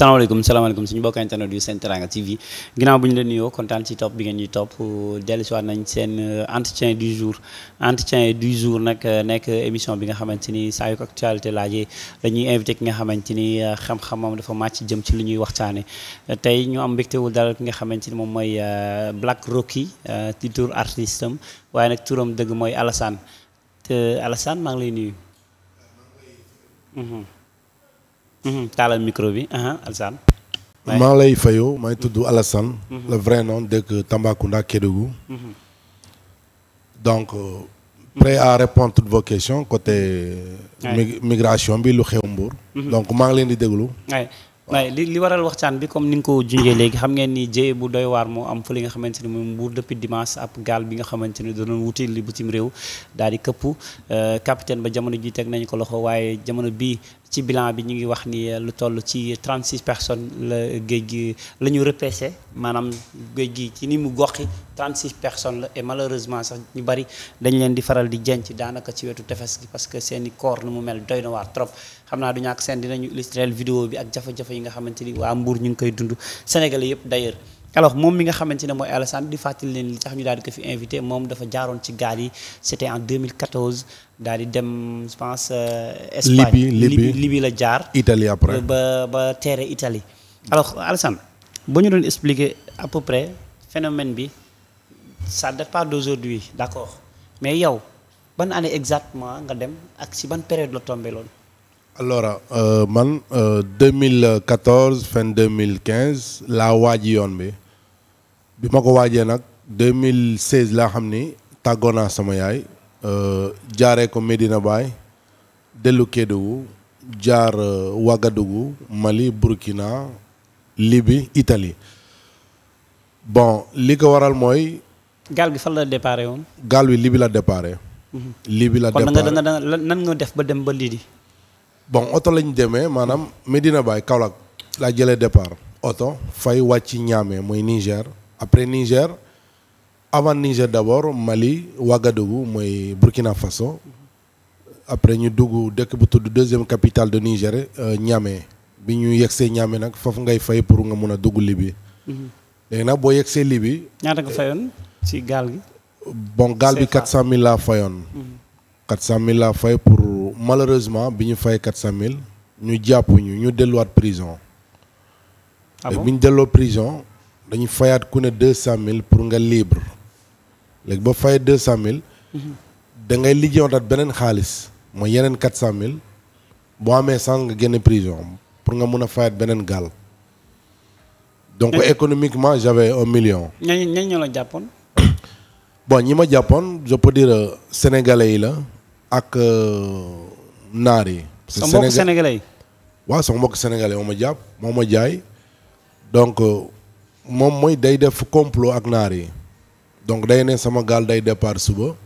salaamaaleykum salaamaaleykum suñu mbokk internet yu Sen Teranga TV ginnaaw bu ñu leen nuyoo kontaan ci topp bi ngeen ñuy topp dellusiwaat nañ seen euh, entretien du jour entretien du jour nag euh, nekk émission bi nga xamante ni saa yu ko actualité laajee dañuy invité ki nga xamante ni euh, xam-xamam dafa màcc jëm ci lu ñuy waxtaane tey ñu am mbégtewul dalal ki nga xamante ni moom mooy Black Rocky di tur artiste waaye nag turam dëgg mooy Alassane te Alassane maa ngi lay nuyu. Mhm. taalal micro bi Alassane. maa lay fayoo maa ngi tudd Alassane. Mhm. le vrai nom dëkk Tambacounda Kédougou. Mhm. donc euh, prêt à répondre toutes vos questions côté. migration bi lu xew mbuur donc maa ngi leen di déglu. waaye li li waral waxtaan bi comme ni nga ko junjee léegi xam ngeen ni jéye bu doy waar moo am fa li nga xamante ni moom Mbour depuis dimanche ab gaal bi nga xamante ni danoon wuti bu cim réew daa di këpp euh, capitaine ba jamono ji teg nañu ko loxo waaye jamono bii ci bilan bi ñu ngi wax ni euh, lu toll ci 36 personnes la géej gi la ñu repêché maanaam géej gi ci ni mu goxi 36 personnes la et malheureusement sax ñu bari dañ leen di faral di jenc daanaka ci wetu tefes gi parce que seen i corps nu mu mel doy na waar trop xam naa du ñàkk seen dinañu illustrer vidéo bi ak jafe-jafe yi nga xamante ni waa Mbour ñu ngi koy dund Sénégalais yëpp d'ailleurs alors moom mi nga xamante ne mooy Alassane di fàttali leen li tax ñu daal di ko fi invité moom dafa jaaroon ci gaal yi c'était en 2014 daal di dem je pense euh, Espagne Libye Libye la jaar Italie après ba ba teere Italie alors Alassane ba ñu doon expliquer à peu près phénomène bi ça date pas d'aujourd'hui d'accord mais yow ban année exactement nga dem ak si ban période la tombé loolu alors euh, man euh, 2014 fin 2015 laa waaji yoon bi bi ma ko waajee nag 2016 laa xam ni tàggoo naa sama yaay euh, jaaree ko Medina Baye dellu Kédougou jaar euh, Ouagadougou Mali Burkina libi itali bon li ko waral mooy. gaal gi fan la déparé woon. gaal wi Libye la déparé. Mhm. Libye la déparé kon nan nga def ba dem ba Libye. bon oto lañ demee maanaam Medina Baye Kaolack laa jëlee départ oto fay wàcc ñaamee mooy Niger après Niger avant Niger d'abord Mali Ouagadougou mooy Burkina Faso après ñu dugg dëkk bu tudd deuxième capital de Niger euh, Niamey bi ñu yegsee Niamey nag foofu ngay fay pour nga mun a dugg Libye mhm. léegi nag boo yegsee Libye ñaata nga fayoon ci gaal gi bon gaal bi quatre cent mille laa fayoon mhm. 400000 laa fay pour malheureusement bi ñu fay 400000 ñu jàpp ñu ñu delluwaat prison. ah bon bi ñu delloo prison dañu fayaat ku ne 200000 pour nga libre léegi ba fay mille mhm. da ngay liggéeyantaat beneen xaalis mooy yeneen mille boo amee sànq nga génne prison pour nga mun a fayaat beneen gaal. donc économiquement j'avais un million. ñooñu ñooñu la jàppoon. bon ñi ma jàppoon je peux dire euh, yi la. ak euh, naar yi. sa mbokk sénégalais yi. waaw sama mbokk sénégalais moo ma jàpp moo ma jaay donc euh, moom mooy day def complot ak naar yi donc day ne sama gaal day départ suba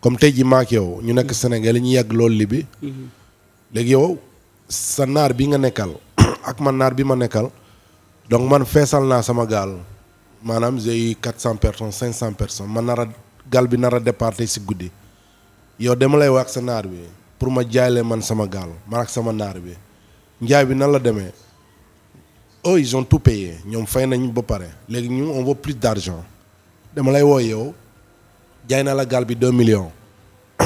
comme tey ji maak yow ñu nekk sénégalais ñu yàgg lool li bi léegi yow sa naar bi nga nekkal ak man naar bi ma nekkal donc man feesal naa sama gaal maanaam j'ai eu quatre cent personnes cinq cent personnes ma nar a gaal bi nar a départ si guddi yow dama lay wax sa naar bi pour ma jaay man sama gaal man ak sama naar bi njaay bi nan la demee oh ils ont tout ñoom fay nañu ba pare léegi ñu on veut plus d'argent dama lay woo yow jaay naa la gaal bi deux millions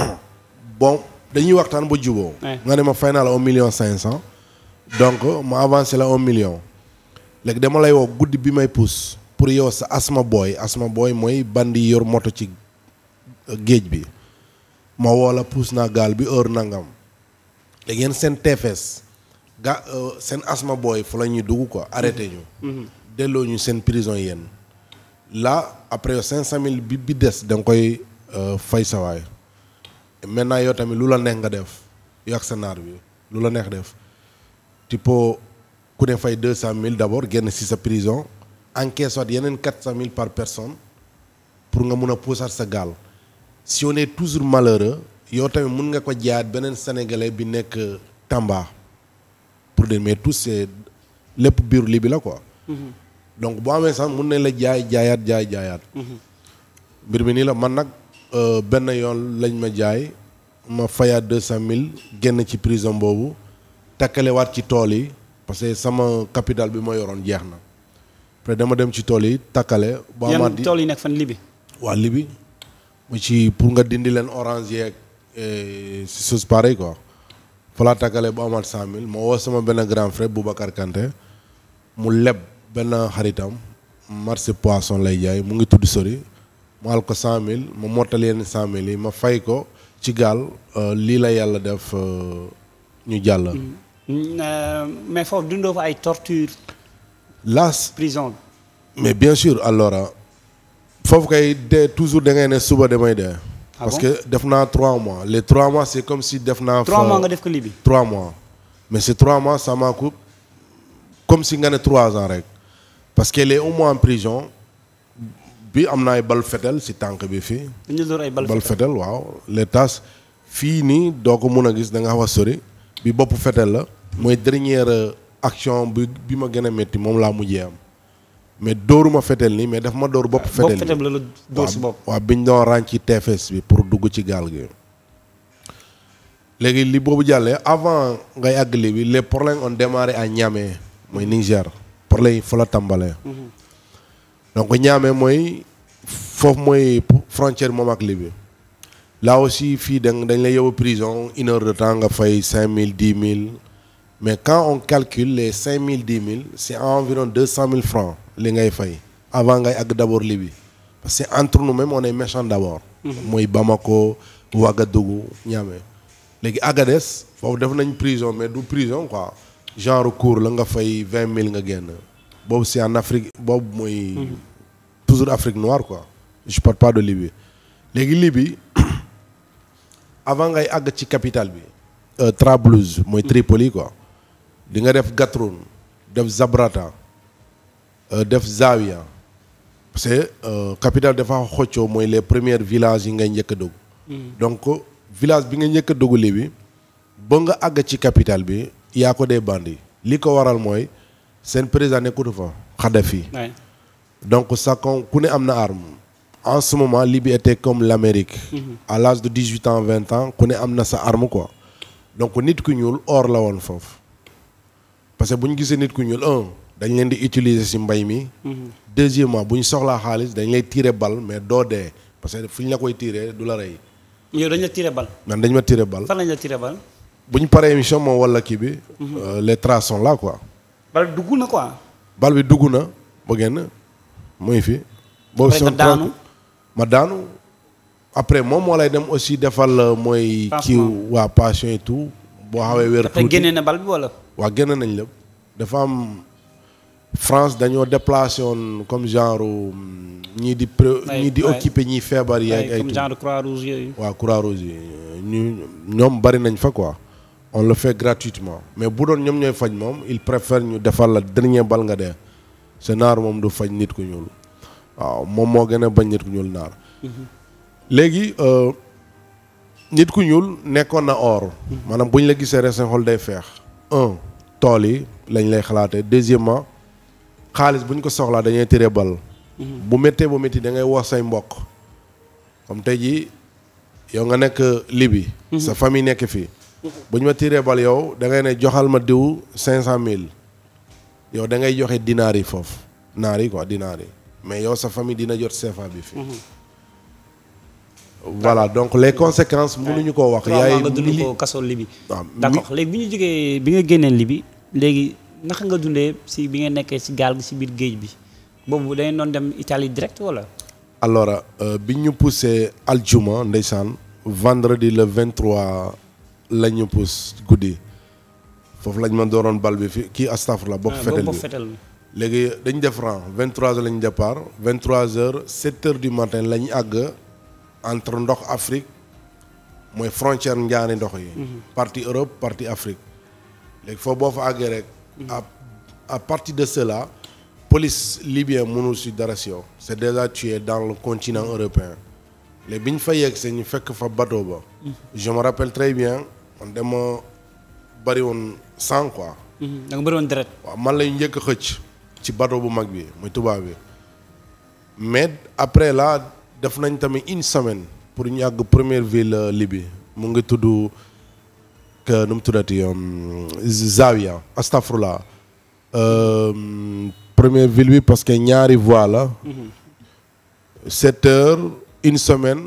bon dañuy waxtaan ba juboo nga ne ma fay naa la un million cinq cent donc ma avancé la un million léegi dama lay woo guddi bi may pousse pour yow sa asma booy asma booy mooy bandi yor moto ci géej bi ma woo la puus naa gaal bi heure nangam léegi yéen seen TFS ga euh, seen asma booy fa la dugg quoi arrêté ñu. Mhm. delloo ñu seen prison yéen. la après cinq cent mille bi bi des da nga koy euh, fay sawaay maintenant yow tamit lu la neex nga def yow ak sa naar bi lu la neex def tipo ku ne fay deux cent mille d' abord génn si sa prison encaisse waat yeneen quatre cent mille par personne pour nga mun a puusaat sa gaal. si on toujours malheureux yow tamit mun nga ko jaayaat beneen sénégalais bi nekk Tamba pour de mais tout lépp biir li bi la ko mhm. donc boo amee sax mun nañ la jaay jaayaat jaay jaayaat. Mhm. mbir mi nii la man nag euh, benn yoon lañ ma jaay ma fayaat deux cent mille génn ci prison boobu takkalewaat ci tool yi parce que sama capital bi ma yoroon jeex na après dama dem ci tool yi takkale. boo amaat yan tool yi nekk fan Libi. waa Libi. mu ci pour nga dindi leen orange yeeg eh, si chose ko quoi falaa takkale bu amaat cent mille moo woo sama benn grand frère Boubacar Kanté mu leb benn xaritam marché poisson lay jaay mu ngi tudd sori ma al ko cent mille ma mottal yenn cent mille yi ma fay ko ci gaal euh, lii la yàlla def euh, ñu jàll mm. Mm, euh, mais foofu dundoo fa ay torture laas prison mais bien sûr alors foofu kay de toujours da ngay ne suba damay dee. Ah parce que def naa trois mois les trois mois c'est comme si def naa. trois mois nga def ko Libye trois mois. mais ces trois mois ça m'a comme si nga ne trois ans rek parce que les un mois en prison bi am na ay bal fetel si tànk bi fii. dañu door ay bal fetel waaw les tas fii nii doo ko mun a gis da nga xaw a sori bi bopp fetel la. mooy dernière euh, action bi bi ma gën a métti moom laa mujjee am. mais dóoruma fetel nii mais daf ma dóor bopp fetel bopp fetel la la dóor si bopp waaw biñ doon rànc ci TFS bi pour dugg ci gaal gi léegi li boobu jàllee avant ngay àggali bi les problèmes ont démarré à Niamey mooy Niger problème yi fa la tàmbalee mhm. donc Niamey mooy foofu mooy frontière moom ak Libye là aussi fii dañ dañ lay yóbbu prison une heure de temps nga fay cinq mille dix mille mais quand on calcule les cinq mille dix mille c'est environ deux cent mille francs li ngay fay avant ngay àgg d'abord libi parce que entre nous même on est méchant d'abord mhm. mooy Bamako Ouagadougou Niamey léegi Agadez foofu def nañ prison mais du prison quoi genre cour la nga fay vingt mille nga génn boobu c'est en Afrique boobu mooy mhm. toujours Afrique noire quoi je parle pas de Libye léegi Libye avant ngay àgg ci capitale bi euh, Trablouze mooy mhm. Tripoli quoi di nga def Gatroun def Zabrata Euh, def Zawiya parce capital euh, capitale dafa xoccoo mooy les première villages yi ngay njëkk a dugg. Mm. donc village bi nga njëkk a dugg Libi ba nga àgg ci capital bi yaa ko dee bandi li ko waral mooy seen président nekkutu fa Kadhafi donc sakon ku ne am na arme. en ce moment Libye était comme l'Amérique mm-hmm. à l'âge de dix-huit ans vingt ans ku ne am na sa arme quoi donc nit ku ñuul or la woon foofu parce que bu ñu gisee nit ku ñuul dañ leen di utiliser ci mbay mi. Mhm. deuxièmement bu ñu soxlaa xaalis dañ lay tiire bal mais doo dee parce que fu ñu la koy tiire du la rey. yow dañ la tiire bal. man dañ ma tiire bal. fan lañ bal. bu ñu paree émission moom wala kii bi. Mhm. Euh, les traces sont quoi. bal bi dugg na quoi. bal bi dugg na ba génn muy fi. boobu si daanu ma daanu. après moom moo lay dem aussi defal euh, mooy. kii waa passion et tout. boo xawee wér tuuti na bal wala. waa génne nañ la dafa am. France dañoo déplacé woon comme genre mm, ñii di. ñii di occupé ñii feebar yeeg. ay comme genre croix rouge yooyu. yi ñoom bari nañ fa quoi. on le fait gratuitement mais bu doon ñoom ñooy faj moom il préfère ñu defal la dernier bal nga dee. sa naar moom du faj nit ku ñuul waaw moom moo gën a bañ nit ku ñuul naar. Mhm. léegi euh, nit ku ñuul nekkoon na or. Mhm. maanaam bu ñu la gisee rek seen day feex. tool yi lañ lay xalaatee deuxièmement xaalis bu ñu ko soxlaa dañuy tiré bal mhm. bu méttee bu métti dangay ngay wax say mbokk comme tey jii yow nga nekk Libye mhm. sa famille nekk fii bu ñu ma tiré bal yow da ngay ne joxal ma diw cinq cent mille yow da ngay joxe dinaar yi foofu naar yi quoi dinaar yi mais yow sa famille dina jot CFA bi fii mhm. voilà donc les conséquences mënuñu koo wax yaay nga dund ko kaso Libye d'accord léegi bi ñu jógee bi nga génnee Libye léegi naka nga dundee si bi nga nekkee si gaal gi si biir géej bi boobu dañu doon dem Italie direct wala. alors euh, bi ñu poussé aljuma ndeysaan vendredi le 23 la ñu pousse guddi foofu lañ ma dooroon bal bi fi kii astafurla bopp ah, fetel léegi dañ def rang 23h la ñu départ 23h 7h du matin la ñu àgg entre ndox Afrique mooy frontière njaari ndox yi. Mhm. partie Europe partie Afrique léegi foofu boo fa àggee rek. a à partir de cela police libyen mënul si dara si yow c'est déjà tué dans le continent européen léegi bi ñu fa yegg see ñu fekk fa bateau ba mhm. je me rappelle très bien man dama bëri woon sang quoi mhm. da nga bëri woon deret man lañu njëkk a xëcc ci bato bu mag bi muy tubaab bi mais après la def nañ tamit une semaine pour ñu àgg première ville euh, Libye mu ngi tudd Euh, nu mu tuddati um, Zawiya um, première ville bi parce que ñaari voie la. Mhm. sept une semaine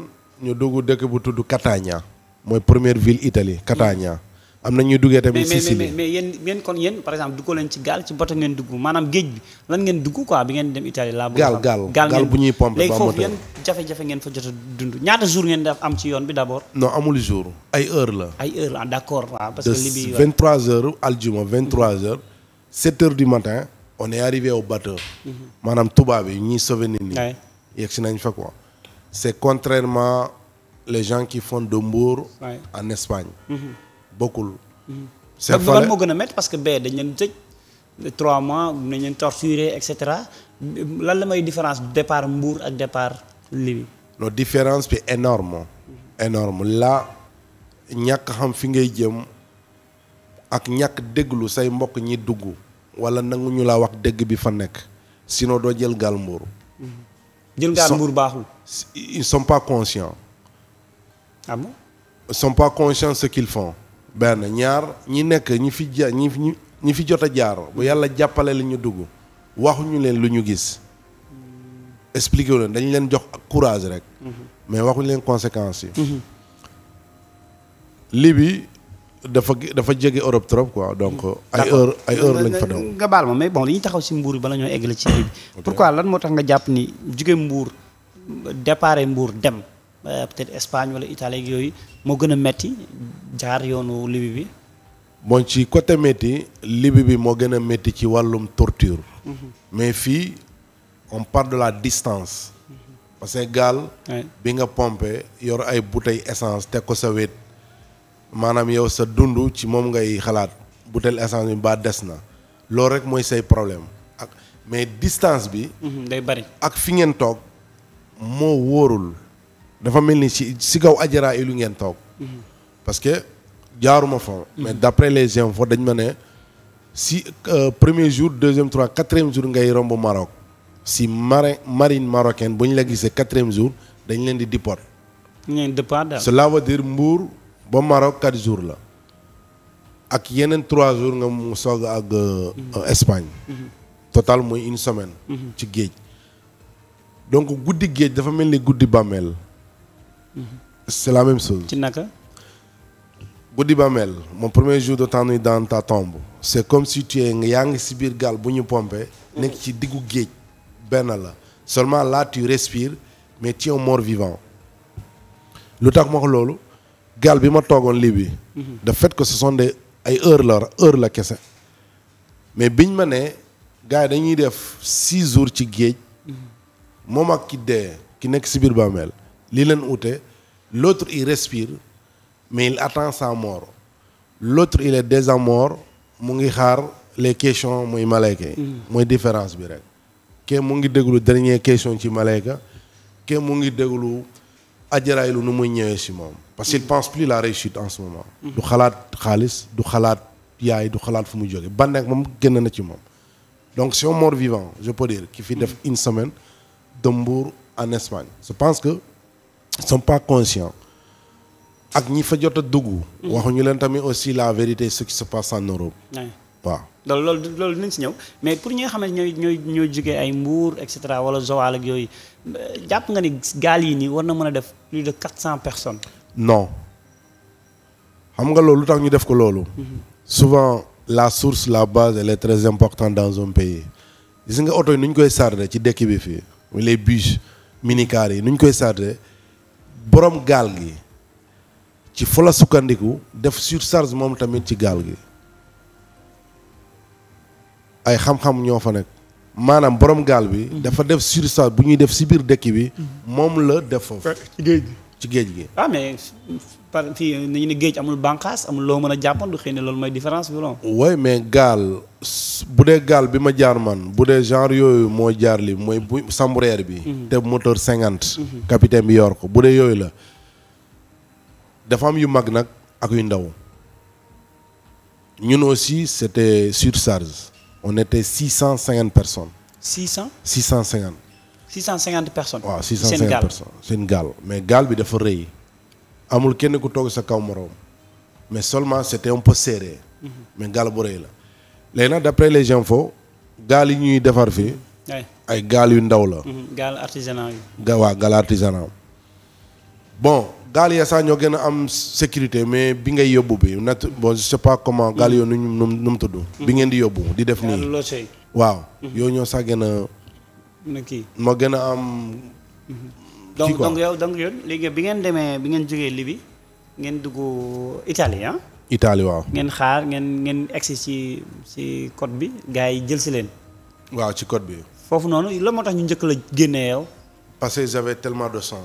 ñu dugg dëkk bu tudd Catania mooy première ville Italie Catania. am na ñuy duggee tamit. Sicile mais mais yéen yéen kon yéen par exemple duggoo leen ci gaal ci bato ngeen dugg maanaam géej bi lan ngeen dugg quoi bi ngeen dem Italie laa. bëgg gaal gaal gaal bu ñuy pompe léegi foofu yéen jafe-jafe ngeen fa jot a ñaata jour ngeen am ci yoon bi d' abord. non amul jour ay heure la. ay heure ah d' accord waaw ah, parce que. li bi 23 heures aljuma 23 heures 7 heures du matin on est arrivé au bateau. Mhm. maanaam tubaab yi ñuy sauver nit ñi. yegg si nañ fa quoi. c' est contrairement les gens qui de Mbour. en Espagne. Mhm. bokkul. Hmm. c'est vrai moo gën a métti parce que bee dañ leen tëj trois mois dañ et cetera lan la may différence départ Mbour ak départ Libi. la différence bi énorme énorme la ñàkk xam fi ngay jëm ak ñàkk déglu say mbokk ñi dugg wala nangu ñu la wax dégg bi fa nekk sinon doo jël gaal Mbour. Hmm. jël gaal Mbour baaxul. ils sont pas conscients. ah pas conscients ce qu'ils font. benn ñaar ñi nekk ñi fi ja ñi ñi ñi fi jot a jaar bu yàlla jàppale li ñu dugg waxuñu leen lu ñu gis expliqué wu leen dañu leen jox courage rek mais waxuñu leen conséquences yi mhm. li bi dafa dafa jege Europe trop quoi donc mhm. ay heure ay heure lañ fa doon nga baal ma mais bon li ñu taxaw si mbuur bi bala ñoo eggale ci lii bi pourquoi lan moo tax nga jàpp ni jigéen mbuur dépare mbuur dem Euh, peut-être Espagne wala Italie ak yooyu moo gën a metti jaar yoonu Libye bi. moom ci côté métti Libye bi moo gën a métti ci wàllum torture. Mm-hmm. mais fii on par de la distance. Mm-hmm. parce que gaal. bi nga pompé yor ay bouteille essence teg ko sa wet maanaam yow sa dund ci moom ngay xalaat bouteille essence bi ba des na loolu rek mooy say problème ak mais distance bi. Mm-hmm, day bari ak fi ngeen toog moo wóorul. dafa mel ni si si kaw ajaraa yi ngeen toog. Mhm. parce que jaaruma fa. Mhm. mais d' après les infos dañ ma ne si euh, premier jour deuxième trois quatrième jour ngay romb Maroc si marin marine marocaine bu ñu la gisee quatrième jour dañ leen di déport. ñu leen déport daal. cela Mbour ba Maroc quatre jours la ak yeneen trois jours nga mu soog ak mhm. euh, Espagne. total mooy une semaine. ci géej donc guddi géej dafa mel ni guddi bàmmeel. c'est la ci naka. bu di bàmmeel mon premier jour de temps nuy dans ta tombe comme si tu es yaa ngi si biir gaal bu ñu pompé. nekk ci diggu géej benn la seulement là tu respires mais tu es un vivant lu tax ma ko loolu gaal bi ma toogoon lii bi de fait que ce sont ay heure la heure la kese mais biñ ma ne gars yi dañuy def six jours ci géej moom ak ki dee ki nekk si biir bàmmeel li leen ute l'autre il respire mais il attend sa mort l'autre il est déjà mort mu ngi xaar les questions mooy malayka mm. mooy différence bi rek kenn mu ngi déglu dernier question ci malayka kenn mu ngi déglu ajaraaylu nu muy ñëwee si moom parce qu'il mm. pense plus la réussite en ce moment mm. du xalaat xaalis du xalaat yaay du xalaat fu mu jóge ba nekk moom génn na ci moom donc c'est un mort vivant je peux dire ki fi def une semaine de Mbour en Espagne sont pas conscients ak ñi fa jot a dugg. waxuñu leen tamit aussi la vérité ce qui se passe en Europe. waaw loolu loolu loolu dinañ si ñëw mais pour ñi nga xam ne ñooy ñooy ñooy jógee ay Mbour et cetera wala Joal ak yooyu jàpp nga ni gaal yi nii war na mën a def plus de cent personnes. non xam nga loolu lu tax ñu def ko loolu. Mhm. souvent la source la base elle est très importante dans un pays. gis nga oto yi nu koy sarde ci dëkk bi fii les bus minicar yi nu ñu koy sarde boroom gaal gi ci fa sukkandiku def surcharge moom tamit ci gaal gi ay xam-xam ñoo fa nekk maanaam borom gaal bi. Mm-hmm. dafa def surcharge bu ñuy def si biir dëkk bi. Mm-hmm. moom la def foofu. géej gi ci géej gi. ah mais par fii nañu ne géej amul bànqaas amul loo mën a jàppandu xëy na loolu mooy différence bi non. wooy mais gaal bu dee gaal bi ma jaar man bu dee genre yooyu moo jaar li mooy bu sambureer bi. Mhm. te moteur cinquante. Mhm. capitaine bi yor ko bu dee yooyu la dafa am yu mag nag ak yu ndaw ñun aussi c' était surcharge on était six cent cinquante personnes. six cent six cent cinquante. 650 personnes. waaw 650 personnes seen gaal mais gaal bi dafa rëy. amul kenn ku toog sa kaw moroom. mais seulement c'était un peu serré. Mhm. mais gaal bu rëy la. léegi nag d'après les infos gaal yi ñuy defar fi ay gaal yu ndaw la. Mhm, gaal artisanal yi. ga waaw gaal artisanal. bon gaal ya sax ñoo gën a am sécurité mais bi ngay yóbbu bi nat bon je sais pas comment gaal mhm. yooyu nu nu mu tudd. bi ngeen di yóbbu di def nii. waaw yooyu ñoo sax gën a. na kii ma gën a am. Mhm. donc donc yow donc yow léegi bi ngeen demee bi ngeen jógee libi ngeen dugg Italie ah. Italie waaw. ngeen xaar ngeen ngeen egsi ci ci côte bi gars yi jël si leen. waaw ci côte bi. foofu noonu la moo tax ñu njëkk la génnee yow. parce que j'avais de sang.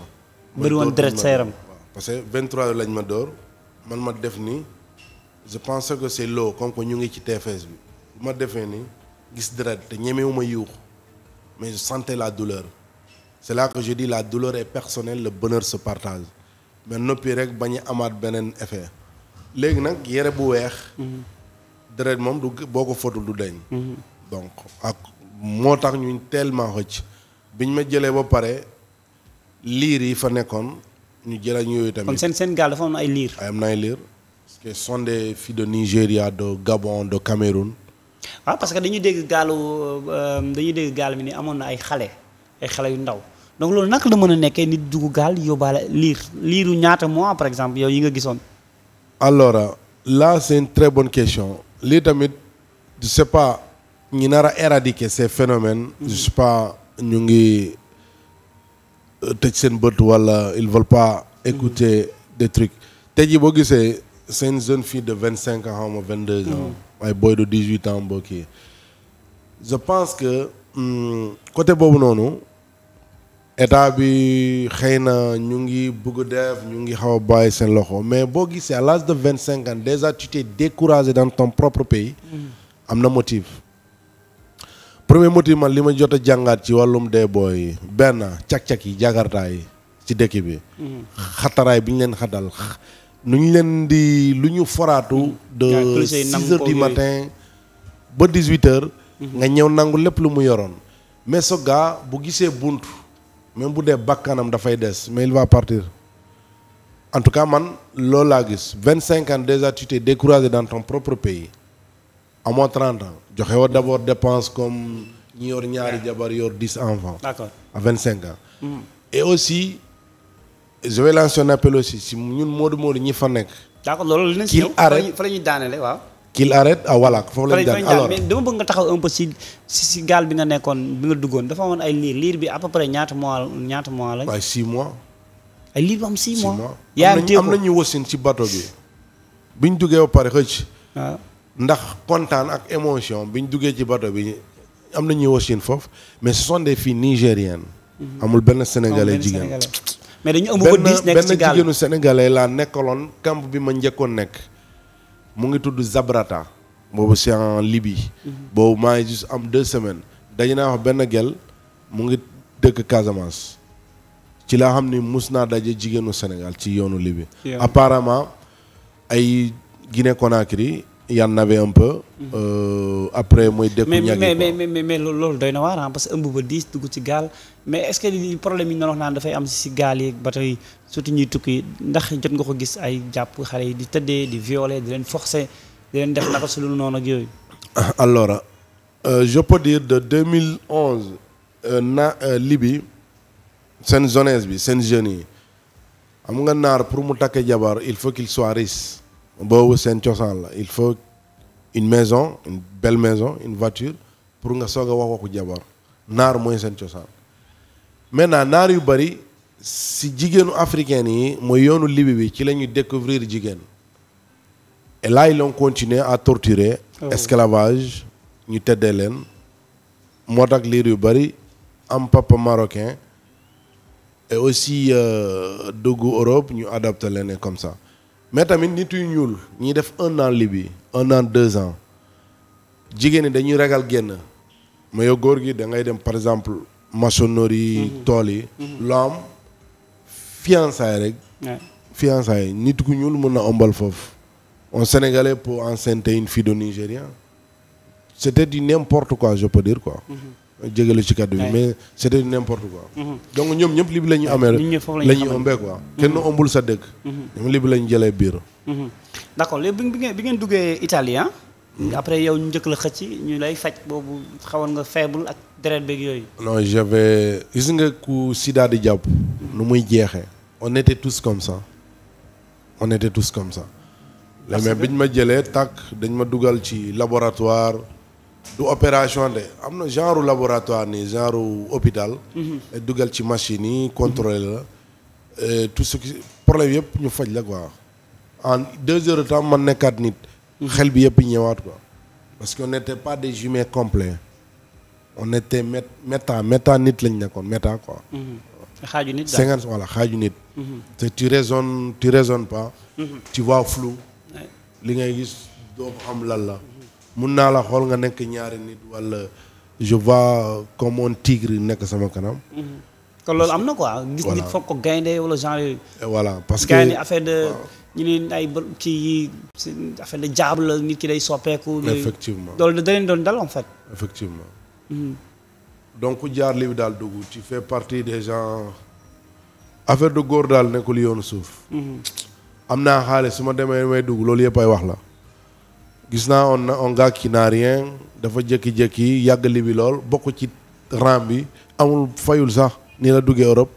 bëri woon deret sa yaram. parce que 23 heures lañ ma door man ma def ni je pense que c'est l'eau comme que ñu ngi ci TFS bi bu ma defee ni gis deret te ma yuux mais centé la douleur c'est la que je la douleur est personnelle le bonheur se partage mais noppi rek bañ amaat beneen effet léegi nag yére bu weex mm-hmm. deret moom du boo ko fotul du deñ mm-hmm. donc ak moo tax ñu tellement xëcc biñ ma jëlee ba pare liir yi fa nekkoon ñu jël ak yooyu tamit. kon seen seen gaal dafa am ay liir. ay am na ay liir parce que sont des filles de Nigéria de Gabon de Cameroun. waaw parce que dañuy dégg gaalu euh, dañuy dégg gaal mi ni amoon na ay xale ay xale yu ndaw donc loolu nag la mën a nekkee nit dugg gaal yóbbaale liir liiru ñaata mois par exemple yow yi nga gisoon. alors là c'est une très bonne question lii tamit je pas ñi nar a éradiquer ces phénomène je pas ñu ngi euh, tëj seen bët wala ils veulent pas écouter des trucs tey jii boo gisee seen une jeune fille de vingt cinq ans xaw ma vingt deux ans. ay boy de 18 ans boo kii je pense que hmm, côté boobu noonu état bi xëy na ñu ngi bëgg def ñu ngi xaw a bàyyi seen loxo mais boo gisee à l'âge de vingt cinquante ans déjà tu t'es découragé dans ton propre pays mm. am na motif premier motif man li ma jot a jàngaat ci wàllum dee booy yi benn cak-cak yi jagartaay ci dëkk bi mm. xataraay bi ñu leen xatal nu ñu leen di lu ñu foraatu. de six heures du matin ba dix huit mhm. nga ñëw nangu lépp lu mu yoroon. mais ce bu gisee bunt même bu dee bakkanam dafay des mais il va partir en tout cas man loolu laa gis vingt cinquante des déjà tu t'es découragé dans ton propre pays amoo trente ans joxe wa d'abord dépense comme ñi yor ñaari jabar yor dix enfants. d'accord à vingt cinq je vais lancer un si ñun Modou Modou ñi fa nekk. d'accord loolu dinañ si ñëw fa la ñuy la ñuy daanele waaw. qu'il arrête a ah, voilà foofu lañu daan alors dama bëgg nga taxaw un si gaal bi nga nekkoon bi nga duggoon dafa amoon ay liir liir bi à peu près ñaata mois ñaata mois lañ. waaye 6 mois. ay liir bi am 6 mois. yaa am am nañu wasin ci bateau bi. bi ñu duggee ba pare xëcc. Ah. ndax kontaan ak émotion bi ñu duggee ci bateau bi am na nañu wasin foofu mais ce sont des filles nigériennes. Mhm. amul benn sénégalais jigéen mais dañu ëmb ba dix nekk benn jigéenu sénégalais laa nekkaloon camp bi ma njëkkoon nekk mu ngi tudd Zabrata boobu c'est en Libye mhm. boobu maa ngi am deux semaine dañu naa wax benn gel mu ngi dëkk Casamance ci laa xam ni mus naa daje jigéenu Sénégal ci yoonu Libye apparemment ay Guinée Conakry Mhm. Euh, y en avait peu. après mooy. dëkku ñag mais mais mais mais loolu doy na waar parce que ëmb ba diis dugg ci gaal mais est-ce que problème yi ñu wax naan dafay am si gaal yi bato yi surtout ñuy tukki ndax jot nga ko gis ay jàpp xale yi di tëddee di violer di leen forcer di leen def naka su lu noonu ak yooyu. alors euh, je peux de 2011 euh, na euh, Libye seen jeunesse bi seen jeunes yi am nga naar pour mu takk jabar il faut qu'il soit riche. boobu seen cosaan la il faut une maison une belle maison une voiture pour nga soog a wax waxu jabar naar mooy seen cosaan maintenant naar yu bari si jigéenu africain yi mooy yoonu libi bi ci lañuy ñuy découvrir jigéen et là ils à torturer ah esclavage ñu teddee leen moo tax liir yu bari am papa marocain et aussi euh, dugg Europe ñu adopté leen comme ça mais tamit nit yu ñuul ñuy def un an Libye un an deux ans jigéen ñi dañuy ragal génn mayo yow góor gi da ngay dem par exemple maçonnerie mhm. tool yi mhm. loo am fiançailles rek fiançailles nit ku ñuul mën na ombal foofu un Sénégalais pour enceinte une fille de Nigérien c'était du n'importe quoi je peux dire quoi mhm. jégalu ci kàddu bi mais c'était n'importe quoi. Mm-hmm. donc ñoom ñëpp li bi la amee. la ëmbee quoi. Mm-hmm. kenn ëmbul sa dëkk. Mm-hmm. ñoom li bi la ñu jëlee biir. d'accord léegi bi ngeen bi ngeen duggee italien. Ah. après yow ñu njëkk la xëcc ñu lay faj boobu xawoon nga faible ak deret beeg yooyu. non j'avais gis nga ku Sida di jàpp. nu muy jeexee. on était tous comme ça on était tous comme ça. mais biñ ma jëlee tàkk dañ ma dugal ci laboratoire. du opération de am na genre laboratoire nii genre hôpital. Mhm. dugal ci machine yi contrôler la. tout ce qui problème yëpp ñu faj la quoi en deux heures de temps man nekkaat nit. Mhm. xel bi yëpp ñëwaat ko parce que on n'était pas des jumelles complets on était mét méta méta nit lañ nekkoon méta quoi. Mhm. xaaju nit daal cinquante xaaju nit. te tu pas. tu vois flou. li ngay gis doo ko xam lan la. mun naa la xool nga nekk ñaari nit walla je vois comme un tigre nekk sama kanam. Mm-hmm. kon loolu am na quoi. gis nit foog ko gaynde wala genre yooyu. parce que gaynde affaire de. ñu kii yi de jaab la nit ki day soppeeku. effectivement loolu da leen doon dal en fait. effectivement. Mm-hmm. donc jaar li daal dugg ci fait partie des gens affaire de góor daal nekkul yoonu suuf. Mm-hmm. am naa xaalis su ma demee may dugg loolu yëpp ay wax la. gis naa on on gars qui n'a rien dafa jékki-jékki yàgg bi lool bokk ci ram bi amul fayul sax nii la duggee Europe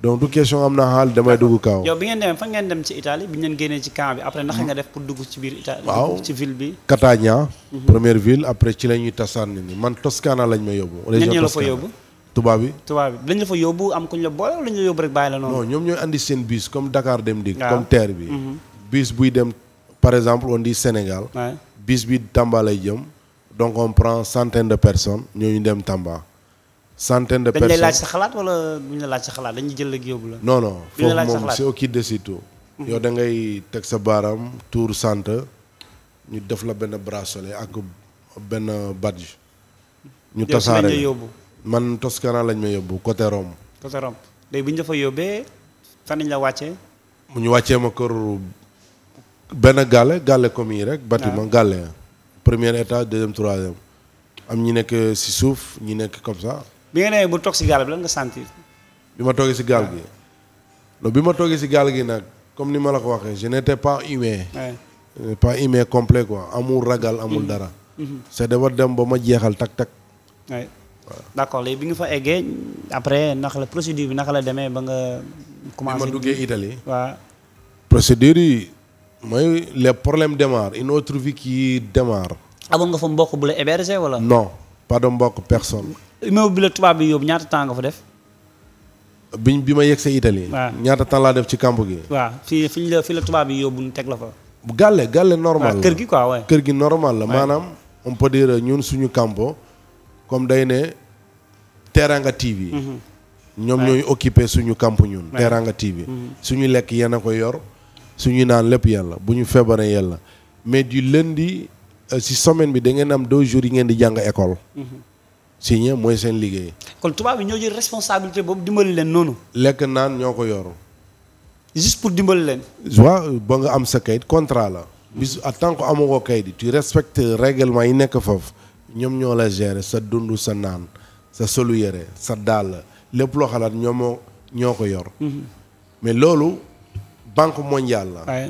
donc du question am na xaal damay dugg kaaw. yow bi ngeen demee fan ngeen dem ci Italie bi ngeen génnee ci camp bi après naka nga def pour dugg ci biir Italie. waaw ci ville bi. Catania. Mhm. première ville après ci la ñuy tasaan ni man Toscana lañ ma yóbbu. région Toscana la fa yóbbu. tubaab bi tubaab bi lañ la fa yóbbu am ko ñu la boole wala rek bàyyi la ñoom ñooy andi seen bus comme Dakar dem dikk. comme terre bi. Mhm. bus buy dem par exemple on dit bis bi Tamba lay jëm donc on prend centaine de ñoo ñu dem Tamba. centaine de personnes dañ lay laaj sa xalaat wala duñ la laaj sa xalaat dañuy jël ak yóbbu la. non non foofu moom c'est au qui tout. Mhm. yow da ngay teg sa baaram tour sant ñu def la benn bracelet ak benn badge. ñu tasaare yóbbu man Toscana lañ may yóbbu côté Rome. côté Rome léegi yóbbee fan lañ la wàccee. mu ñu wàccee ma kër. benn gàlle gàlle comme yi rek bâtiment ah. gàlle premier étage deuxième troisième am ñi nekk si suuf ñi nekk comme ça bi nga nee bu toog si gaal bi la nga sentir bi ma toogee si gaal gi ah. bi ma toogee si gaal gi nag comme ni ma la ko waxee je n'étais pas humain pas humain complet quoi amul ragal amul mm-hmm. dara mm-hmm. c'est dafa dem ba ma jeexal tak tak d'accord léegi bi nga fa eggee après nax la procédure bi naka la demee ba nga commencé bi ma duggee Italie procédure yi mooy les problème démarrent une autre vie qui démarre. amoon nga fa mbokk bu la héberger wala. non pas de mbokk personne. immeuble bi la tubaab bi yóbbu ñaata temps nga fa def. biñ bi ma yegg sa Italie. ñaata temps laa def ci camp gi. waaw fii fi la fi la tubaab yi yóbbu ñu teg la fa. bu gàlle gàlle normal la kër gi quoi kër gi normal la maanaam. on peut dire ñun suñu kampo comme day ne Teranga TV. Mhm. ñoom ñooy occupé suñu camp ñun. Teranga TV. Mhm. suñu lekk yéen a ko yor. suñu naan lépp yàlla bu ñu feebaree yàlla mais du lundi euh, si semaine bi da ngeen am deux jours yi ngeen di jàng école. Mhm. signé mooy seen liggéey. kon tubaab yi ñoo jël responsabilité boobu dimbali leen noonu. lekk naan ñoo ko yor. juste pour dimbali leen. waaw euh, ba nga am sa kayit contrat la. bis mhm. tant que amoo kayit tu respectes règlement yi nekk foofu ñoom ñoo la gérer sa dund sa naan sa solu yére sa dàll lépp loo xalaat ñoo ñoo ko yor. Mhm. mais loolu. banque mondiale la. waaye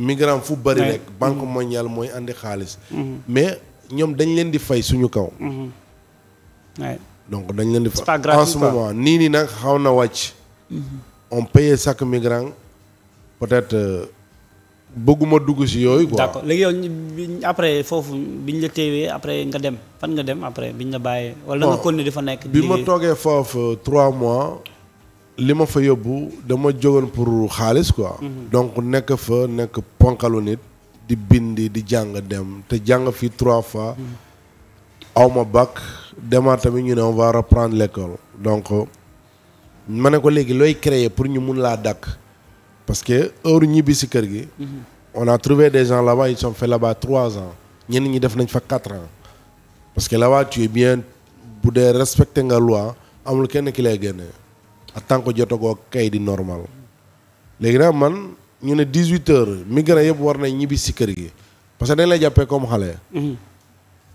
migrant fu bëri rek. banque mm-hmm. mondiale mooy andi xaalis. Mm-hmm. mais ñoom dañ leen di fay suñu kaw. Mm-hmm. donc dañ leen di fay en ce moment nii nii nag xaw na wàcc. on paye chaque migrant peut-être. Euh, bëgguma dugg si yooyu. quoi léegi yow après foofu bi ñu la téewee après nga dem fan nga dem après bi ñu la bàyyee. wala nga continuer di fa nekk. bi ma toogee foofu euh, trois mois. li ma fa yóbbu dama jógoon pour xaalis quoi. Mhm. donc nekk fa nekk ponkalu nit. di bindi di jàng dem te jàng fii trois fois. Mhm. aw ma bac demaat tamit ñu ne on va reprendre l'école donc ma ne ko léegi looy créer pour ñu mun laa dakk parce que heure ñibbi si kër gi. Mhm. on a trouvé des gens là-bas ils sont fait trois ans. ñenn ñi def nañ fa quatre ans. parce que là-bas tu bien bu dee respecté nga loi amul kenn ki lay génnee. ak tànk jotagoo kay di normal léegi nag man ñu ne 18 heures migrants yëpp war nañ ñibbi si kër gi parce que dañ lay jàppee comme xale. Mhm.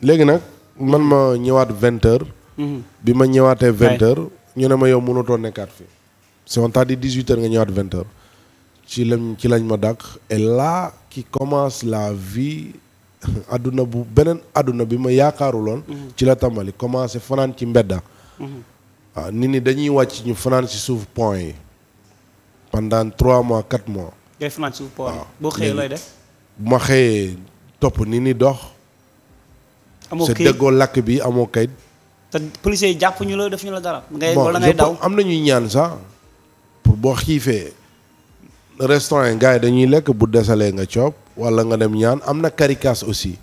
léegi nag man ma ñëwaat 20 mhm. bi ma ñëwaatee 20 heures. ñu ne ma yow mënatoo nekkaat fi si on t'a dit 18 heures nga ñëwaat 20 heures ci lañ ci lañ ma dàq et ki commence la vie. àdduna bu beneen àdduna bi ma yaakaaruloon. Mhm. ci la tàmbali commencé fanaan ci mbedda waaw nit ñi dañuy wàcc ñu fanaan ci suuf pont yi pendant trois mois quatre mois. ngay fanaan ci suuf pont boo xëyee looy def. bu ma xëyee topp nit ñi dox. amoo kayit sa déggoo lakk bi amoo kayit. te policiers yi jàpp ñu la def ñu la dara. ngay wala daw am na ñuy ñaan sax boo xiifee. restaurant yi gars dañuy lekk bu desalee nga coob wala nga dem ñaan am na caricas aussi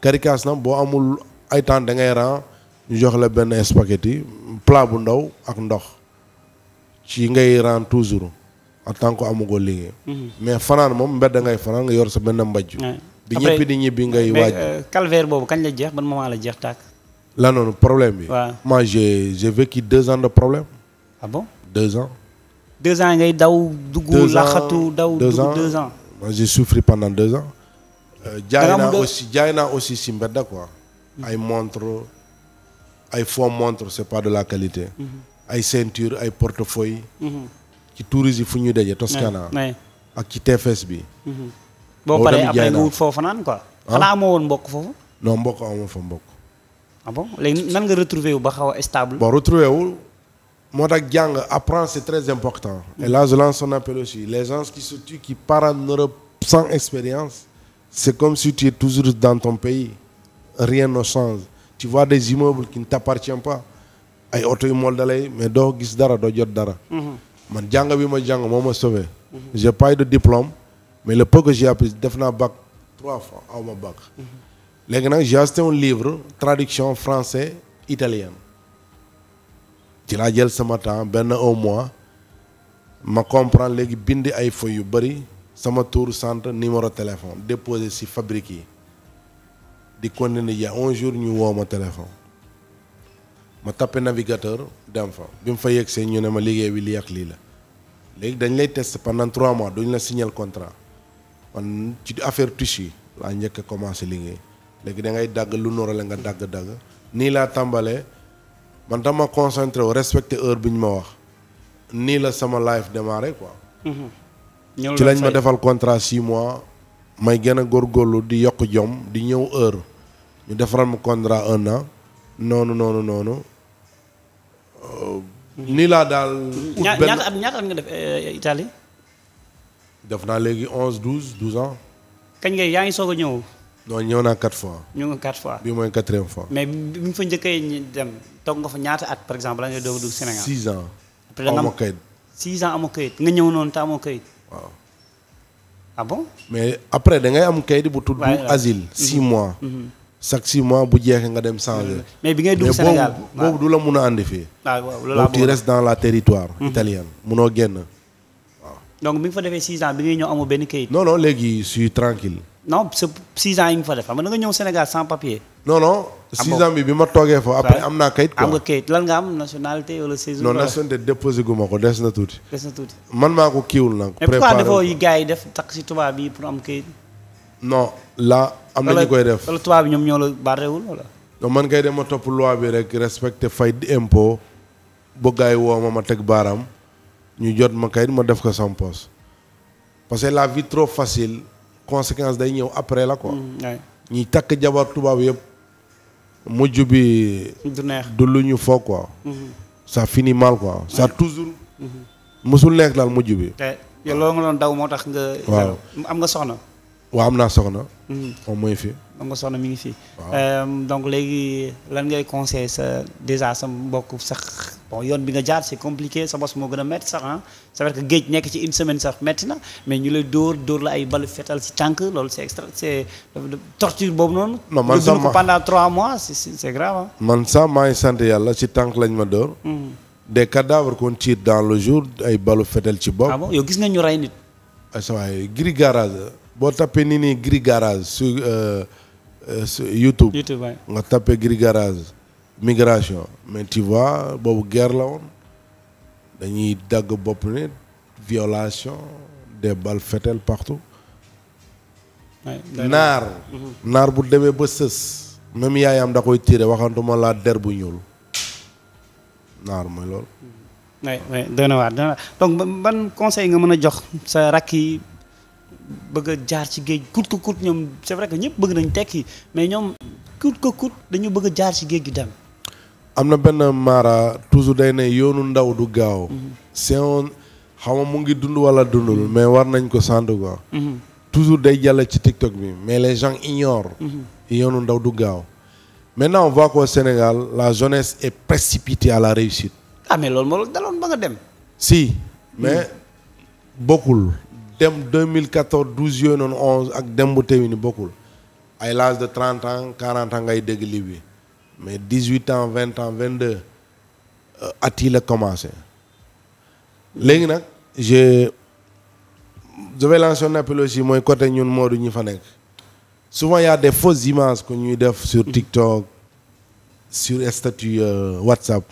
caricas nag boo amul ay temps da ngay ran ñu jox la benn spaghetti plat bu ndaw ak ndox ci ngay raan toujours en tant que amugoo liggéey. Mhm. mais fanaan moom mbedd ngay fanaan nga yor sa benn mbajj. bi ñëpp di ñibbi ngay. waaj euh, boobu kañ la jeex ban moment la jeex tàkk. la noonu problème bi. waaw moi j'ai j'ai vécu deux ans de problème. ah bon deux ans. ngay daw. dugg laxatu daw dugg deux ans. moi j'ai euh, jaay naa aussi jaay naa aussi si mbedd quoi. ay montre ay faux montre c'est pas de la qualité mhm. ay ceinture ay portefeuille mhm. ci tourisme yi fu ñuy daje Toscana ak ci TFS bi mhm. boo paree après nga wut foofu naan quoi ah? xanaa amoo ah nga retrouver wu ba xaw estable stable bon retrouver wu moo tax jàng apprendre c'est très important et là je lance aussi les gens qui se tuent qui partent en sans expérience c'est comme si tu es toujours dans ton pays rien ne change ci vois des immeubles qui ne t'appartiennent pas ay oto yu mool dalay mais doo gis dara doo jot dara. Mm-hmm. man jàng bi ma jàng moo ma sauvé. j'ai pas de diplôme mais le peu que j'ai appris def naa bac trois fois ma bac. Mm-hmm. nag j'ai acheté un traduction français italienne ci laa jël sama temps benn au mois ma comprendre léegi bind ay feuilles yu bëri sama tour centre numéro téléphone déposé si fabrique yi. di continuer ya un jour ñu woo ma téléphone ma tapé navigateur dem fa bi mu fa yegsee ñu ne ma liggéey bi li ak lii la léegi dañ lay test pendant trois mois duñ la signal contrat man ci affaire tissu yi laa njëkk a commencé liggéey léegi da ngay dagg lu norale nga dagg-dagg nii laa tàmbalee man dama concentré wu respecté heure bi ñu ma wax nii la sama life démarré quoi. Mhm. ci lañ ma defal contrat six mois may gën a góorgóorlu di yokk jom di ñëw heure ñu defaral ma contrat un an noonu noonu noonu euh, nii laa daal. ñaata at ñaata at nga def euh, Italie. def naa léegi onze douze douze ans. kañ nga yaa ngi soog a ñëw. non ñëw naa quatre fois. ñëw nga quatre fois bii mooy quatrième fois. mais bi ñu fa njëkkee dem toog nga fa ñaata at par exemple la nga doog a dugg Sénégal. six ans. amoo kayit. nga ñëw noonu te amoo kayit. waaw. ah bon mais après da ngay am kayit bu tudd. asile mhm. six mois. Mhm. chaque six mois bu jeexee nga dem changer. Mhm. mais bi ngay dugg Sénégal boobu du la mun a andi fii. Ah, waaw tu restes dans la territoire. italienne munoo génn waaw. donc bi nga fa defee six ans bi ngay léegi je tranquille non sa six ans yi nga fa def xam na da nga ñëw Sénégal sans papier. non non ah six ans bi bi ma toogee fa après am naa kayit quoi. am nga kayit lan nga am nationalité wala saison. non nationalité déposé gu ma ko des na tuuti. des na tuuti man maa ko kiiwul nag. préparé mais pourquoi defoo yi gars yi def takk si tubaab yi pour am kayit. non la am na ñu koy def wala tubaab ñoom ñoo la barewul wala. non man kay dama topp loi bi rek respecte fay impo ba gaa yi woo ma ma teg baaraam ñu jot ma kayit ma def ko sans poste parce la vie trop facile. conséquence day ñëw après la quoi. Mm, ñi takk jabar tubaab yëpp mujj bi. du neex du lu ñu foog quoi. Mm-hmm. ça finit mal quoi ça toujours. Mm-hmm. musul nekk daal mujj bi. te eh, yow loolu nga doon daw moo tax nga. waaw am nga soxna. waaw am naa soxna. moom mm-hmm. mooy fi. nga soxna mi ngi fii donc léegi lan ngay conseil sa déjà sa mbokk sax yoon bi nga jaar c'est compliqué sa bos moo gën a métti sax ah c'est vrai que na mais ñu lay dóor dóor la ay balu fetal si tànk loolu c'est extra c'est torture boobu noonu non mois c'est c'est grave man sax maa ngi si tànk lañ ma dóor hmm. des cadavres qu'on tire dans le jour ay balu fetal ci bopp ah sa waay ah, gris garage boo tappee nii nii gris garage euh, Euh, YouTube nga tapé Gris Garage migration mais tu vois boobu guerre la woon dañuy dagg bopp nit violation des balles fatales partout naar mhm. naar bu demee ba sës même yaayam da koy tiré waxantuma laa der bu ñuul naar mooy loolu donc ban conseil nga mën a jox sa rakk yi bëgg jaar ci géej kut ko kut ñoom c'est vrai que ñëpp bëgg nañ tekki mais ñoom kut ko kut dañu bëgg a jaar ci géej gi dem. am na benn maara toujours day ne yoonu ndaw du gaaw. Mhm. séen xaw ma mu ngi dund wala dundul mais war nañ ko sant quoi. Mhm. toujours day jàll ci TikTok bi mais les gens ignorent. Mhm. yoonu ndaw du gaaw. mais on voit Sénégal la jeunesse est précipitée à la réussite. ah mais loolu moo daloon ba nga dem. si mais mm. bokkul. dem mille 2014 12 yooyu noonu 11 ak dem bu teew ni bokkul ay l'âge de 30 ans 40 ans ngay dégg lii bi mais 18 ans 20 vingt 22 euh, at yi la commencé léegi nag je je mooy côté ñun Modou ñi fa nekk souvent y a des fausses ku ñuy def sur TikTok sur statut euh, WhatsApp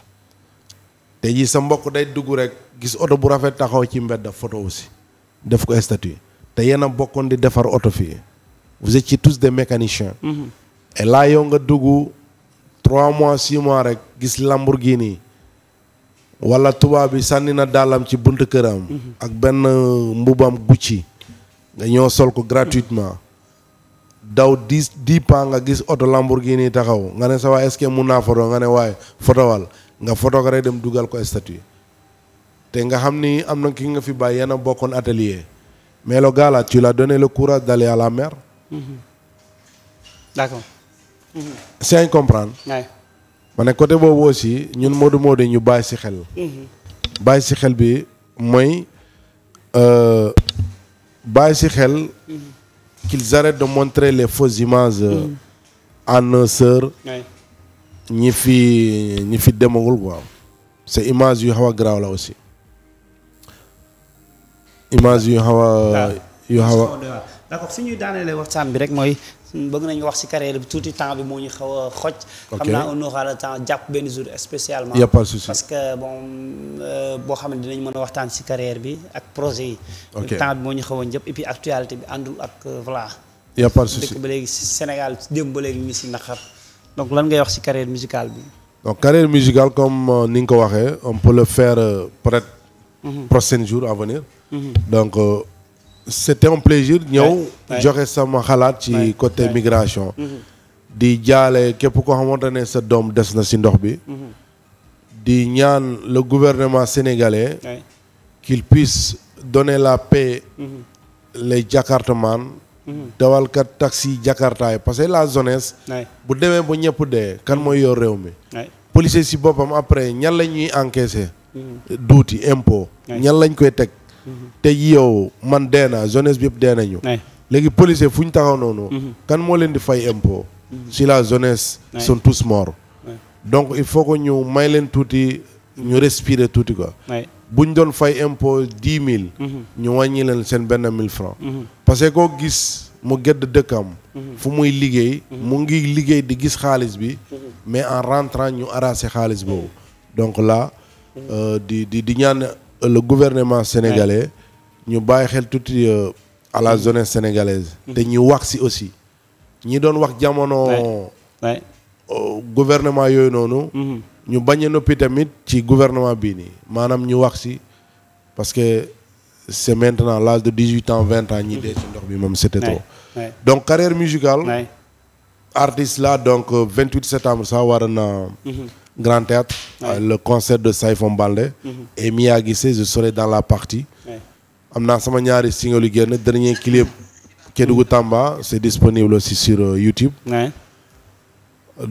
te ji sa mbokk day dugg rek gis oto bu rafet taxaw ci mbedd photo aussi. def ko statut te yéen a bokkoon di defar oto fii vous étiez tous des mécaniciens. Mm-hmm. et là yow nga dugg trois mois six mois rek gis Lamborghini wala tubaab yi sànni na daalam ci buntu këram. Mm-hmm. ak benn mbubam Gucci nga ñëw sol ko gratuitement. daw dix dix pas nga gis oto Lamborghini taxaw nga ne sa waa est mun naa foto nga ne waaye fotowal nga foto ko rek dem dugal ko statut te nga xam ni am na ki nga fi bàyyi yéen a bokkoon atelier mais le gars là la l'as donné le courage d'aller à la mer. Mm-hmm. d'accord. Mm-hmm. c'est incomprendre. côté boobu aussi ñun Modou Modou ñu bàyyi si xel. Mm-hmm. bàyyi ci xel bi mooy euh, bàyyi si xel. qu'ils arrêtent de montrer les fausses images. à ñi fi ñi fi demagul quoi. c'est image yu xaw a graaw la aussi. image yu xaw a yu xaw a d'accord fi ñuy daanelee waxtaan bi rek mooy bëgg nañu wax ci carrière bi tuuti temps bi moo ñu xaw a xoj. xam naa on jàpp benn jour spécialement. y a parce que bon euh, boo xam ne dinañ mën a waxtaan ci carrière bi ak projet yi. temps bi moo ñu xaw a njëpp et puis actualité bi àndul ak euh, voilà. y a pas ba léegi si Sénégal démb ba léegi ñu ngi ci naqar donc lan ngay wax ci carrière musicale bi. donc carrière musicale comme euh, ni nga ko waxee on peut le faire peut Mm-hmm. prochain jour à venir. Mm-hmm. donc euh, c'était un plaisir ñëw joxe sama xalaat ci côté migration. Mm-hmm. di jaale képp koo xamante ne sa doom des na si ndox bi. di ñaan le gouvernement sénégalais. qu'il puisse donner la paix. les jakartaman. dawalkat taxi jakartaay parce que la jeunesse. bu demee ba ñëpp dee kan mooy yor réew mi. policier si boppam après ñan la ñuy encaisser. duuti impôt ñan lañ koy teg mhm. te yow man dee naa jeunesse bi yëpp dee nañu léegi policier fu ñu taxaw noonu mhm. kan moo leen di fay impôt mhm. si la jeunesse sont tous morts donc il faut que ñu may leen tuuti ñu respirer tuuti quoi bu ñu doon fay impôt dix mille ñu wàññi leen seen benn mille franc parce que koo gis mu gëdd dëkkam fu muy liggéey mu ngi liggéey di gis xaalis bi mais en rentrant ñu arraché xaalis boobu donc là Euh, di di di ñaan euh, le gouvernement sénégalais ñu bàyyi xel tuuti euh, à la zone mm-hmm. sénégalaise mm-hmm. te ñu wax si aussi ñi doon wax jamono gouvernement yooyu noonu mm-hmm. ñu bañ a noppi tamit ci gouvernement bii nii maanaam ñu wax si parce que c'est maintenant l'âge de dix-huit ans vingt ans ñi dee ci ndox bi moom c'était trop donc carrière musicale artiste là donc septembre ça war Grand Théâtre, euh, le concert de Saifon Balde mm -hmm. et Mia je serai dans la partie. am naa sama ñaari single yu génn dernier clip Kédougou Tamba c'est disponible aussi sur euh, YouTube.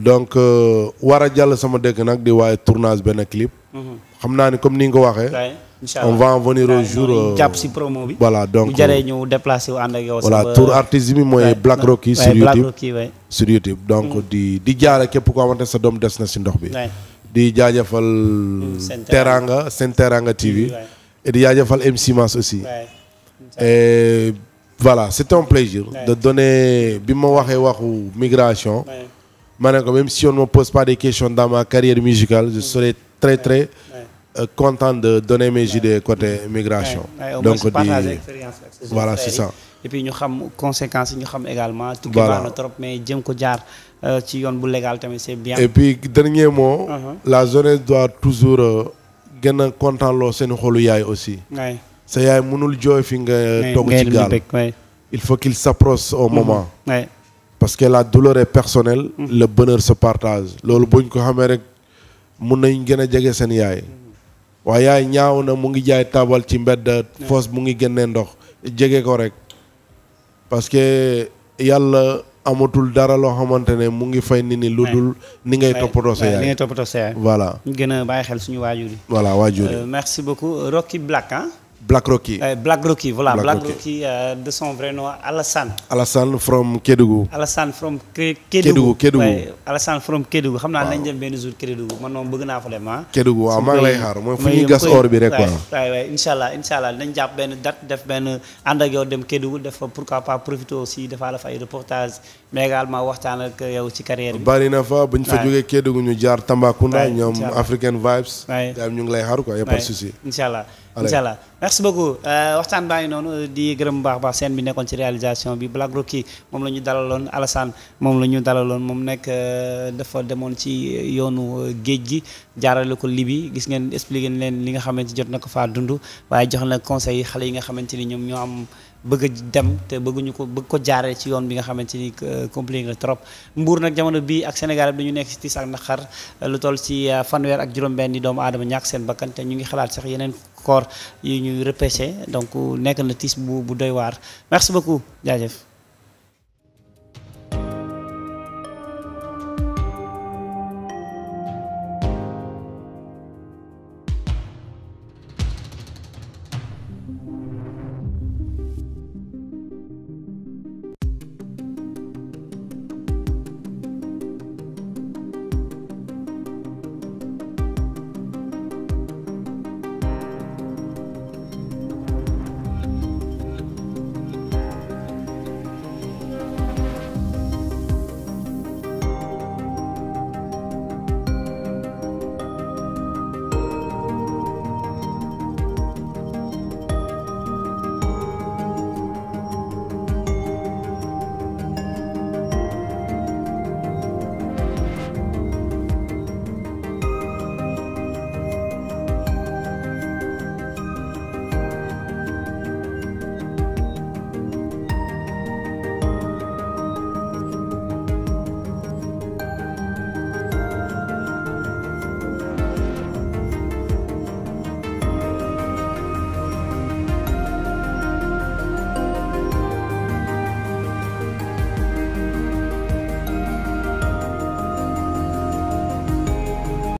donc euh, war a jàll sama dëkk nag di waaye tournage benn clip. Mhm. xam naa ni comme ni nga ko on va en venir au euh, si promo bi. voilà donc bu jëree déplacé wu ànd ak yow. voilà tour artiste bi mooy Black Rocky sur YouTube donc mm. di di jaare képp koo xamante sa doom des na si ndox bi. di jaajëfal. Mm, seen teranga seen teranga TV. Mm, et di jaajëfal MC aussi. et voilà c'est un plaisir. de donner bi ma waxee waxu migration. ma ne ko même si on ne me pose pas des questions dans carrière musicale je serai très très. Euh, content de donner mes idées côté migration. donc di voilà c'est ça. et puis ñu xam conséquences yi ñu xam également. tukki baax na trop mais ko jaar euh, ci yoon bu légal tamit c'est bien. et puis dernier mot. Uh-huh. la jeunesse doit toujours euh, gën a kontaan loo seen xolu yaay aussi. sa yaay mënul jooy fi nga toog ci gaal il faut qu'il s'approche au uh-huh. moment parce que la douleur est personnelle uh-huh. le bonheur se partage loolu buñ ko xamee rek mun nañ gën a jege seen yaay waa yaay ñaaw na mu ngi jaay tabal ci mbedd foos mu ngi génnee ndox jege ko rek parce que yàlla amatul dara loo xamante ne mu ngi fay ni ni lu dul ni ngay toppatoo sa yaay ni ngay toppatoo sa voilà ñu gën a bàyyi xel suñu waajur yi voilà waajur yi euh, merci beaucoup Rocky Black ah Black Rocky. Uh, Black Rocky, voilà. Black, Black Rocky, Rocky uh, de son vrai nom, Alassane. Alassane from Kédougou. Alassane from Kédougou. Kédougou, Kédougou. Ouais, Alassane from Kédougou. xam naa nañ dem benn jour Kédougou man moom bëgg naa fa dem ah. Kédougou waaw maa ngi lay xaar mooy fu ñuy gas bi rek quoi. waay waay incha allah incha allah nañ jàpp benn date def benn ànd ak yow dem Kédougou def pourquoi pas profiter aussi defaa def fa ay reportage mais également waxtaan ak yow ci carrière bi. bari na fa bu ñu fa jógee Kédougou ñu jaar Tambacounda ñoom African Vibes. waay ñu ngi lay xaar quoi y a incha allah merci beaucoup euh, waxtaan baa ngi noonu di gërëm baax seen bi nekkoon ci réalisation bi Black Rocky moom la ñu dalaloon Alassane moom la ñu dalaloon moom nekk euh, dafa demoon ci yoonu euh, géej gi jaarale ko Libi gis ngeen expliqué leen li nga xamante jot na ko faa dund waaye jox na conseil xale yi nga xamante ni ñoom ñoo am bëgg dem te bëgguñu ko bëgg ko jaaree ci yoon bi nga xamante ni compliqué la trop mbuur nag jamono bii ak Sénégal bi ñu nekk ci tiis ak naqar lu toll ci fanweer ak juróom-benn doomu aadama ñàkk seen bakkan ñu ngi xalaat sax yeneen corps yi ñuy repêché donc nekk na tiis bu bu doy waar merci beaucoup jaajëf.